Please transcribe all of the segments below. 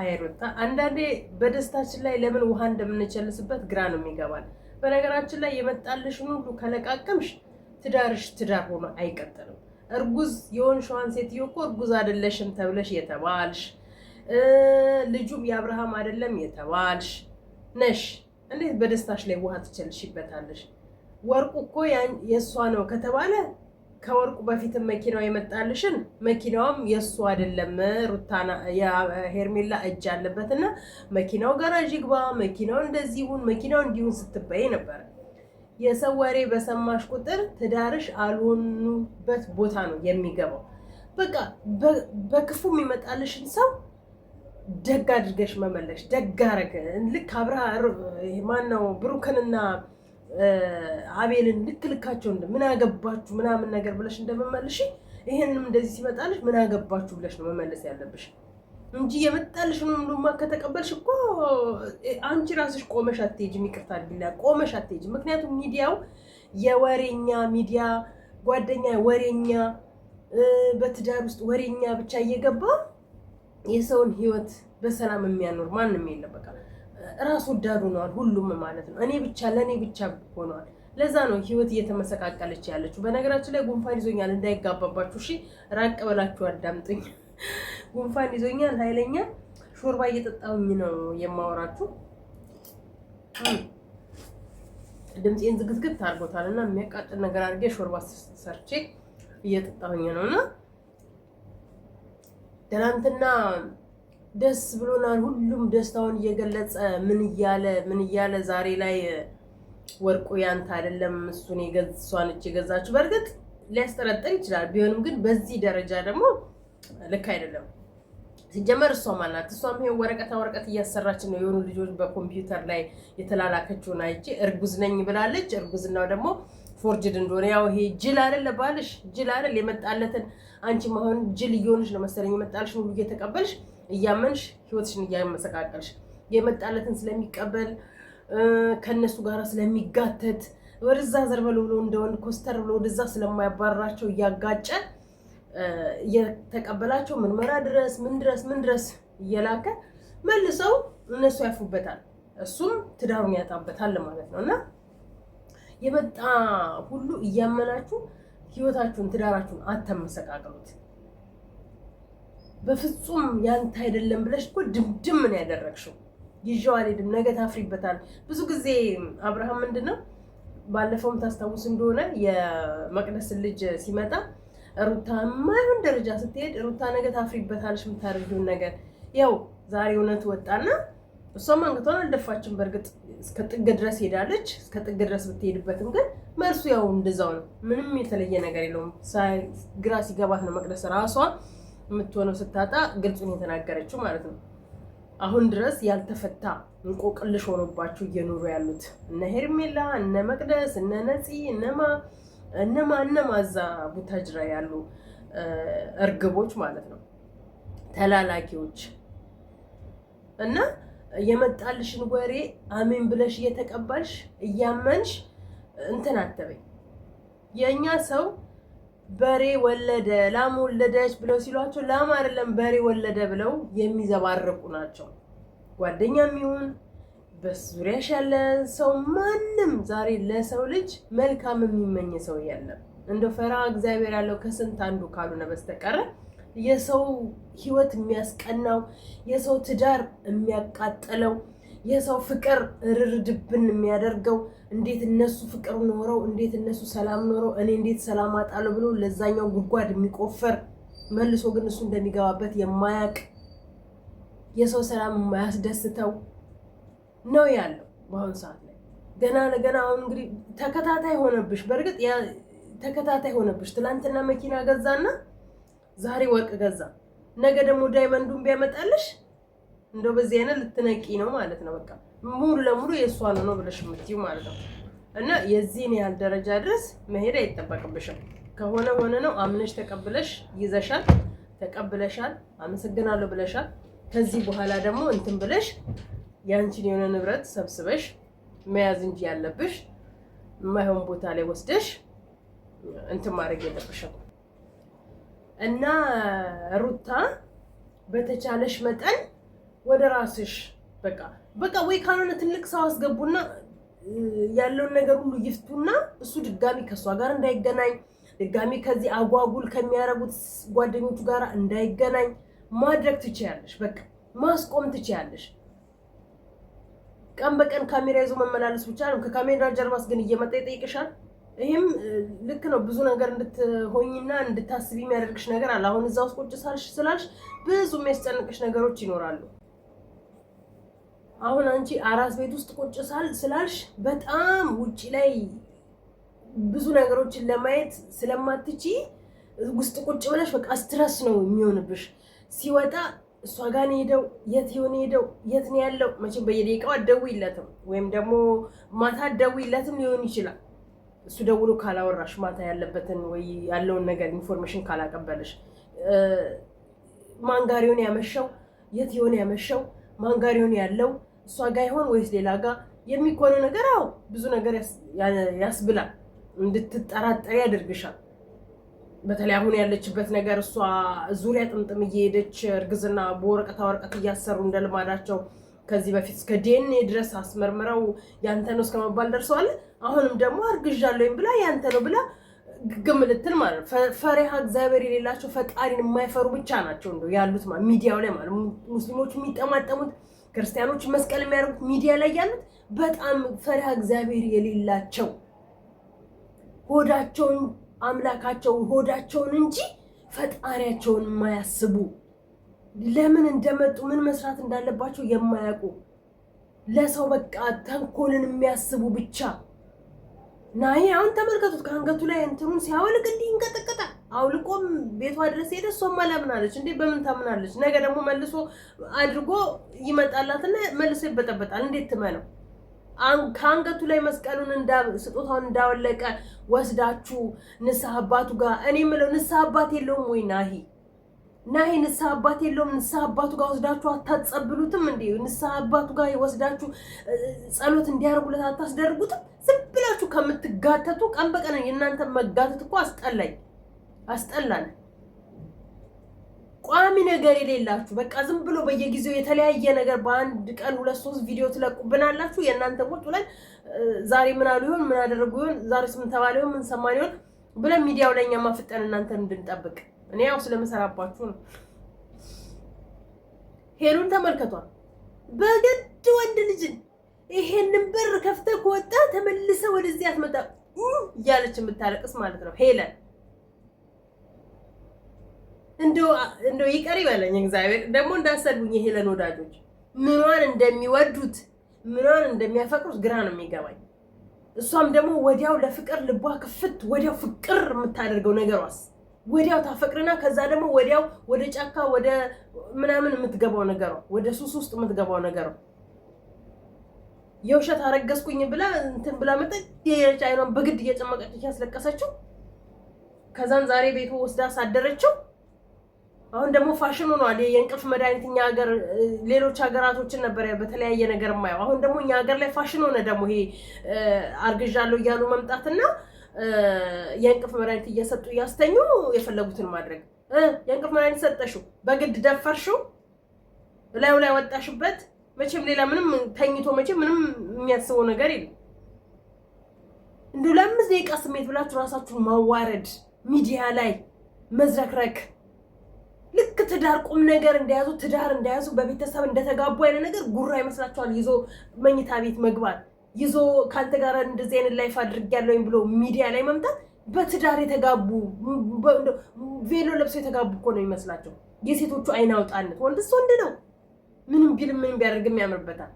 አይሩታ አንዳንዴ በደስታችን ላይ ለምን ውሃ እንደምንቸልስበት ግራ ነው የሚገባል። በነገራችን ላይ የመጣልሽን ሁሉ ከለቃቀምሽ ትዳርሽ ትዳር ሆኖ አይቀጥልም። እርጉዝ የሆንሽዋን ሴትዮ እኮ እርጉዝ አይደለሽም ተብለሽ የተባልሽ ልጁም የአብርሃም አይደለም የተባልሽ ነሽ። እንዴት በደስታሽ ላይ ውሃ ትቸልሽበታለሽ? ወርቁ እኮ የእሷ ነው ከተባለ ከወርቁ በፊት መኪናው የመጣልሽን መኪናውም የእሱ አይደለም ሩታና ሄርሜላ እጅ አለበት አለበትና መኪናው ጋራዥ ግባ፣ መኪናው እንደዚህ ይሁን፣ መኪናው እንዲሁን ስትበይ ነበረ። የሰው ወሬ በሰማሽ ቁጥር ትዳርሽ አልሆኑበት ቦታ ነው የሚገባው። በቃ በክፉ የሚመጣልሽን ሰው ደግ አድርገሽ መመለሽ። ደግ አረገ ልክ አብረ ማነው ነው ብሩክንና አቤልን ልክ ልካቸው ምን አገባችሁ ምናምን ነገር ብለሽ እንደመመልሽ ይሄንም እንደዚህ ሲመጣልሽ ምን አገባችሁ ብለሽ ነው መመለስ ያለብሽ እንጂ የመጣልሽ ነው ምሉማ ከተቀበልሽ እኮ አንቺ ራስሽ ቆመሽ አትሄጂም። ይቅርታ ቢላ ቆመሽ አትሄጂም። ምክንያቱም ሚዲያው የወሬኛ ሚዲያ ጓደኛ ወሬኛ በትዳር ውስጥ ወሬኛ ብቻ እየገባ የሰውን ህይወት በሰላም የሚያኖር ማንም የለም በቃ ራስ ወዳድ ሆነዋል። ሁሉም ማለት ነው እኔ ብቻ ለእኔ ብቻ ሆነዋል። ለዛ ነው ህይወት እየተመሰቃቀለች ያለችው። በነገራችን ላይ ጉንፋን ይዞኛል እንዳይጋባባችሁ፣ እሺ ራቅ ብላችሁ አዳምጡኝ። ጉንፋን ይዞኛል ኃይለኛ ሾርባ እየጠጣሁኝ ነው የማወራችሁ። ድምፄን ዝግዝግት አድርጎታል እና የሚያቃጥል ነገር አድርጌ ሾርባ ሰርቼ እየጠጣሁኝ ነው እና ትናንትና ደስ ብሎናል። ሁሉም ደስታውን እየገለጸ ምን እያለ ምን እያለ ዛሬ ላይ ወርቁ ያንተ አይደለም እሱን የገሷነች የገዛችሁ በእርግጥ ሊያስጠረጥር ይችላል። ቢሆንም ግን በዚህ ደረጃ ደግሞ ልክ አይደለም። ሲጀመር እሷም አላት እሷም ይሄ ወረቀታ ወረቀት እያሰራች ነው። የሆኑ ልጆች በኮምፒውተር ላይ የተላላከችውን አይቼ እርጉዝ ነኝ ብላለች። እርጉዝናው ደግሞ ፎርጅድ እንደሆነ ያው ይሄ ጅል አይደለ ባልሽ ጅል አይደል የመጣለትን አንቺ መሆን ጅል እየሆንሽ ነው መሰለኝ የመጣልሽ ሁሉ እየተቀበልሽ እያመንሽ ህይወትሽን እያመሰቃቀልሽ የመጣለትን ስለሚቀበል ከእነሱ ጋር ስለሚጋተት ወደዛ ዘርበል ብሎ እንደወንድ ኮስተር ብሎ ወደዛ ስለማያባረራቸው እያጋጨ እየተቀበላቸው ምርመራ ድረስ ምን ድረስ ምን ድረስ እየላከ መልሰው እነሱ ያፉበታል፣ እሱም ትዳሩን ያጣበታል ማለት ነው። እና የመጣ ሁሉ እያመናችሁ ህይወታችሁን ትዳራችሁን አተመሰቃቅሉት። በፍጹም ያንተ አይደለም ብለሽ እኮ ድምድም ነው ያደረግሽው። ይዤው አልሄድም፣ ነገ ታፍሪበታል። ብዙ ጊዜ አብርሃም ምንድን ነው ባለፈውም ታስታውስ እንደሆነ የመቅደስን ልጅ ሲመጣ ሩታ የማይሆን ደረጃ ስትሄድ ሩታ ነገ ታፍሪበታለሽ የምታደርጊውን ነገር ያው ዛሬ እውነት ወጣና እሷም አንገቷን አልደፋችም። በእርግጥ እስከ ጥግ ድረስ ሄዳለች። እስከ ጥግ ድረስ ብትሄድበትም ግን መልሱ ያው እንደዛው ነው። ምንም የተለየ ነገር የለውም። ግራ ሲገባት ነው መቅደስ ራሷ የምትሆነው ስታጣ ግልጹን የተናገረችው ማለት ነው። አሁን ድረስ ያልተፈታ እንቆቅልሽ ሆኖባችሁ እየኖሩ ያሉት እነ ሄርሜላ እነ መቅደስ እነ ነፂ እነማ እነማ እነማ እዛ ቡታጅራ ያሉ እርግቦች ማለት ነው ተላላኪዎች እና የመጣልሽን ወሬ አሜን ብለሽ እየተቀባልሽ እያመንሽ እንትን አተበኝ የእኛ ሰው በሬ ወለደ፣ ላም ወለደች ብለው ሲሏቸው ላም አይደለም በሬ ወለደ ብለው የሚዘባረቁ ናቸው። ጓደኛም ይሁን በዙሪያሽ ያለ ሰው ማንም ዛሬ ለሰው ልጅ መልካም የሚመኝ ሰው የለም። እንደ ፈራ እግዚአብሔር ያለው ከስንት አንዱ ካልሆነ በስተቀረ የሰው ሕይወት የሚያስቀናው የሰው ትዳር የሚያቃጥለው የሰው ፍቅር ርርድብን የሚያደርገው እንዴት እነሱ ፍቅር ኖረው እንዴት እነሱ ሰላም ኖረው እኔ እንዴት ሰላም አጣለሁ ብሎ ለዛኛው ጉድጓድ የሚቆፈር መልሶ ግን እሱ እንደሚገባበት የማያቅ የሰው ሰላም የማያስደስተው ነው ያለው በአሁኑ ሰዓት ላይ ገና ለገና አሁን እንግዲህ ተከታታይ ሆነብሽ። በእርግጥ ተከታታይ ሆነብሽ። ትናንትና መኪና ገዛና ዛሬ ወርቅ ገዛ፣ ነገ ደግሞ ዳይመንዱን ቢያመጣልሽ እንደው በዚህ አይነት ልትነቂ ነው ማለት ነው። በቃ ሙሉ ለሙሉ የእሷ ነው ብለሽ የምትይው ማለት ነው። እና የዚህን ያህል ደረጃ ድረስ መሄድ አይጠበቅብሽም። ከሆነ ሆነ ነው አምነሽ ተቀብለሽ ይዘሻል፣ ተቀብለሻል፣ አመሰግናለሁ ብለሻል። ከዚህ በኋላ ደግሞ እንትን ብለሽ ያንቺን የሆነ ንብረት ሰብስበሽ መያዝ እንጂ ያለብሽ የማይሆን ቦታ ላይ ወስደሽ እንትን ማድረግ የለብሽም። እና ሩታ በተቻለሽ መጠን ወደ ራስሽ በቃ በቃ ወይ ካልሆነ ትልቅ ሰው አስገቡና ያለውን ነገር ሁሉ ይፍቱና እሱ ድጋሚ ከእሷ ጋር እንዳይገናኝ ድጋሚ ከዚህ አጓጉል ከሚያረጉት ጓደኞቹ ጋር እንዳይገናኝ ማድረግ ትችያለሽ። በቃ ማስቆም ትችያለሽ። ቀን በቀን ካሜራ ይዞ መመላለስ ብቻ ነው። ከካሜራ ጀርባስ ግን እየመጣ ይጠይቅሻል። ይህም ልክ ነው። ብዙ ነገር እንድትሆኝና እንድታስብ የሚያደርግሽ ነገር አለ። አሁን እዛ ውስጥ ቁጭ ሳልሽ ስላልሽ ብዙ የሚያስጨንቅሽ ነገሮች ይኖራሉ። አሁን አንቺ አራስ ቤት ውስጥ ቁጭ ሳል ስላልሽ በጣም ውጪ ላይ ብዙ ነገሮችን ለማየት ስለማትቺ ውስጥ ቁጭ ብለሽ በቃ ስትረስ ነው የሚሆንብሽ። ሲወጣ እሷ ጋር ነው ሄደው የት የሆነ ሄደው የት ነው ያለው? መቼም በየደቂቃው አትደውይለትም፣ ወይም ደግሞ ማታ አትደውይለትም ሊሆን ይችላል እሱ ደውሎ ካላወራሽ ማታ ያለበትን ወይ ያለውን ነገር ኢንፎርሜሽን ካላቀበለሽ ማን ጋር ያመሸው የት የሆነ ያመሸው ማን ጋር ይሆን ያለው እሷ ጋር ይሆን ወይስ ሌላ ጋር የሚኮነው ነገር አዎ ብዙ ነገር ያስብላል፣ እንድትጠራጠሪ ያደርግሻል። በተለይ አሁን ያለችበት ነገር እሷ ዙሪያ ጥምጥም እየሄደች እርግዝና በወረቀታ ወረቀት እያሰሩ እንደ ልማዳቸው ከዚህ በፊት እስከ ዲኤንኤ ድረስ አስመርምረው ያንተ ነው እስከመባል ደርሰዋል። አሁንም ደግሞ አርግዣለሁኝ ብላ ያንተ ነው ብላ ግግም ልትል ማለት ነው። ፈሪሃ እግዚአብሔር የሌላቸው ፈጣሪን የማይፈሩ ብቻ ናቸው እንደው ያሉት ሚዲያው ላይ ማለት ሙስሊሞች የሚጠማጠሙት ክርስቲያኖች መስቀል የሚያደርጉት ሚዲያ ላይ ያሉት በጣም ፈሪሃ እግዚአብሔር የሌላቸው ሆዳቸውን አምላካቸው ሆዳቸውን እንጂ ፈጣሪያቸውን የማያስቡ ለምን እንደመጡ ምን መስራት እንዳለባቸው የማያውቁ ለሰው በቃ ተንኮልን የሚያስቡ ብቻ ናይ አሁን ተመልከቱት፣ ከአንገቱ ላይ እንትኑን ሲያወልቅ እንዲህ ይንቀጠቀጣል። አውልቆም ቤቷ ድረስ ሄደ። እሷማ ለምናለች እንዴ? በምን ታምናለች? ነገ ደግሞ መልሶ አድርጎ ይመጣላትና መልሶ ይበጠበጣል። እንዴት ትመነው? ከአንገቱ ላይ መስቀሉን ስጦታውን እንዳወለቀ ወስዳችሁ ንስሐ አባቱ ጋር እኔ የምለው ንስሐ አባት የለውም ወይ ናሂ? ናይ ይሄ ንስሐ አባት የለውም። ንስሐ አባቱ ጋር ወስዳችሁ አታጸብሉትም? እንዲ ንስሐ አባቱ ጋር ወስዳችሁ ጸሎት እንዲያደርጉለት አታስደርጉትም? ዝም ብላችሁ ከምትጋተቱ ቀን በቀን የእናንተ መጋተት እኮ አስጠላኝ አስጠላን። ቋሚ ነገር የሌላችሁ በቃ ዝም ብሎ በየጊዜው የተለያየ ነገር በአንድ ቀን ሁለት ሶስት ቪዲዮ ትለቁብናላችሁ። የእናንተ ቁጭ ብለን ዛሬ ምን አሉ ይሆን ምን አደረጉ ይሆን ዛሬስ ምን ተባለ ይሆን ምን ሰማን ይሆን ብለን ሚዲያው ላይ እኛ ማፍጠን እናንተን እንድንጠብቅ እኔ ያው ስለምሰራባችሁ ነው። ሄሉን ተመልከቷል። በግድ ወንድ ልጅን ይሄንን በር ከፍተህ ከወጣ ተመልሰ ወደዚህ አትመጣ እያለች የምታለቅስ ማለት ነው ሄለን እንደው ይቀር ይበለኝ እግዚአብሔር። ደግሞ እንዳሰድቡኝ የሄለን ወዳጆች ምኗን እንደሚወዱት ምኗን እንደሚያፈቅሩት ግራ ነው የሚገባኝ። እሷም ደግሞ ወዲያው ለፍቅር ልቧ ክፍት ወዲያው ፍቅር የምታደርገው ነገሯስ ወዲያው ታፈቅርና ከዛ ደግሞ ወዲያው ወደ ጫካ ወደ ምናምን የምትገባው ነው፣ ወደ ሱስ ውስጥ የምትገባው ነው። የውሸት አረገዝኩኝ ብላ እንትን ብላ መጠ አይኗን በግድ እየጨመቀች ያስለቀሰችው፣ ከዛን ዛሬ ቤቱ ወስዳ ሳደረችው። አሁን ደግሞ ፋሽን ሆኗል የእንቅልፍ መድኃኒት እኛ ሀገር፣ ሌሎች ሀገራቶችን ነበር በተለያየ ነገር ማየው። አሁን ደግሞ እኛ ሀገር ላይ ፋሽን ሆነ ደግሞ ይሄ አርግዣለሁ እያሉ መምጣትና የእንቅፍ መድኃኒት እየሰጡ እያስተኙ የፈለጉትን ማድረግ። የእንቅፍ መድኃኒት ሰጠሽው፣ በግድ ደፈርሽው፣ ላዩ ላይ ወጣሽበት። መቼም ሌላ ምንም ተኝቶ መቼም ምንም የሚያስበው ነገር የለም። እንዲሁ ለምዝ ደቂቃ ስሜት ብላችሁ ራሳችሁ ማዋረድ፣ ሚዲያ ላይ መዝረክረክ፣ ልክ ትዳር ቁም ነገር እንደያዙ ትዳር እንደያዙ በቤተሰብ እንደተጋቡ አይነት ነገር ጉራ ይመስላችኋል ይዞ መኝታ ቤት መግባት ይዞ ከአንተ ጋር እንደዚህ አይነት ላይፍ አድርጌያለሁኝ ብሎ ሚዲያ ላይ መምጣት በትዳር የተጋቡ ቬሎ ለብሶ የተጋቡ እኮ ነው ይመስላቸው። የሴቶቹ አይን አውጣነት ወንድስ ወንድ ነው። ምንም ቢል ምንም ቢያደርግም ያምርበታል።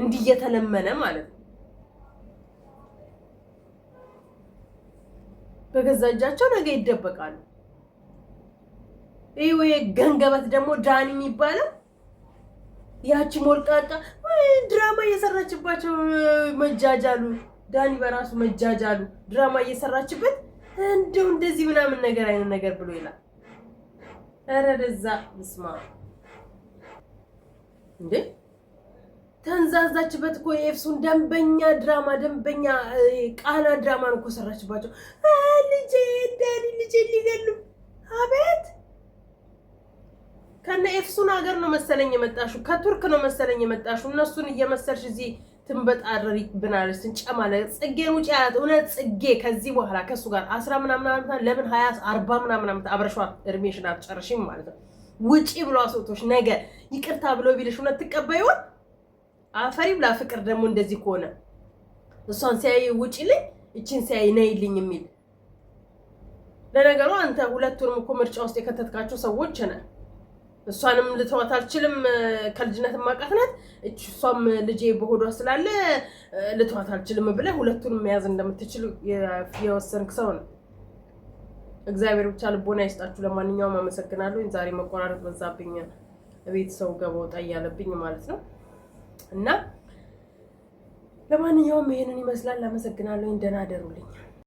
እንዲህ እየተለመነ ማለት ነው። በገዛ እጃቸው ነገ ይደበቃሉ። ይህ ወይ ገንገበት ደግሞ ዳን የሚባለው ያቺ ሞልቃጣ ድራማ እየሰራችባቸው መጃጃሉ። ዳኒ በራሱ መጃጃሉ ድራማ እየሰራችበት እንደው እንደዚህ ምናምን ነገር አይነት ነገር ብሎ ይላል። ኧረ ደዛ ምስማ እንዴ ተንዛዛችበት እኮ የኤፍሱን ደንበኛ ድራማ ደንበኛ ቃና ድራማ ነው እኮ ሰራችባቸው። ልጄ ዳኒ ልጄ ሊገሉ አቤት ከነ ኤፍሱን ሀገር ነው መሰለኝ የመጣሹ፣ ከቱርክ ነው መሰለኝ የመጣሹ። እነሱን እየመሰልሽ እዚህ ትንበጣረሪ ብናለች ስንጨማ ጽጌን ውጭ ያላት እውነት ጽጌ ከዚህ በኋላ ከእሱ ጋር አስራ ምናምን ዓመት ለምን ሀያ አርባ ምናምን ዓመት አብረሽዋ እድሜሽን አትጨርሽም ማለት ነው። ውጪ ብሎ አስወቶች ነገ ይቅርታ ብሎ ቢልሽ እውነት ትቀበይውን? አፈሪ ብላ ፍቅር ደግሞ እንደዚህ ከሆነ እሷን ሲያይ ውጪ ልኝ እችን ሲያይ ነይልኝ የሚል ለነገሩ አንተ ሁለቱንም እኮ ምርጫ ውስጥ የከተትካቸው ሰዎች ነን። እሷንም ልተዋት አልችልም። ከልጅነት ማቃት ናት። እሷም ልጄ በሆዷ ስላለ ልተዋት አልችልም ብለህ ሁለቱን መያዝ እንደምትችል የወሰንክ ሰው ነው። እግዚአብሔር ብቻ ልቦና ይስጣችሁ። ለማንኛውም አመሰግናለሁ። ዛሬ መቆራረጥ በዛብኝ፣ ቤተሰቡ ገባ ወጣ እያለብኝ ማለት ነው እና ለማንኛውም ይሄንን ይመስላል። አመሰግናለሁ። ደህና አደሩልኝ።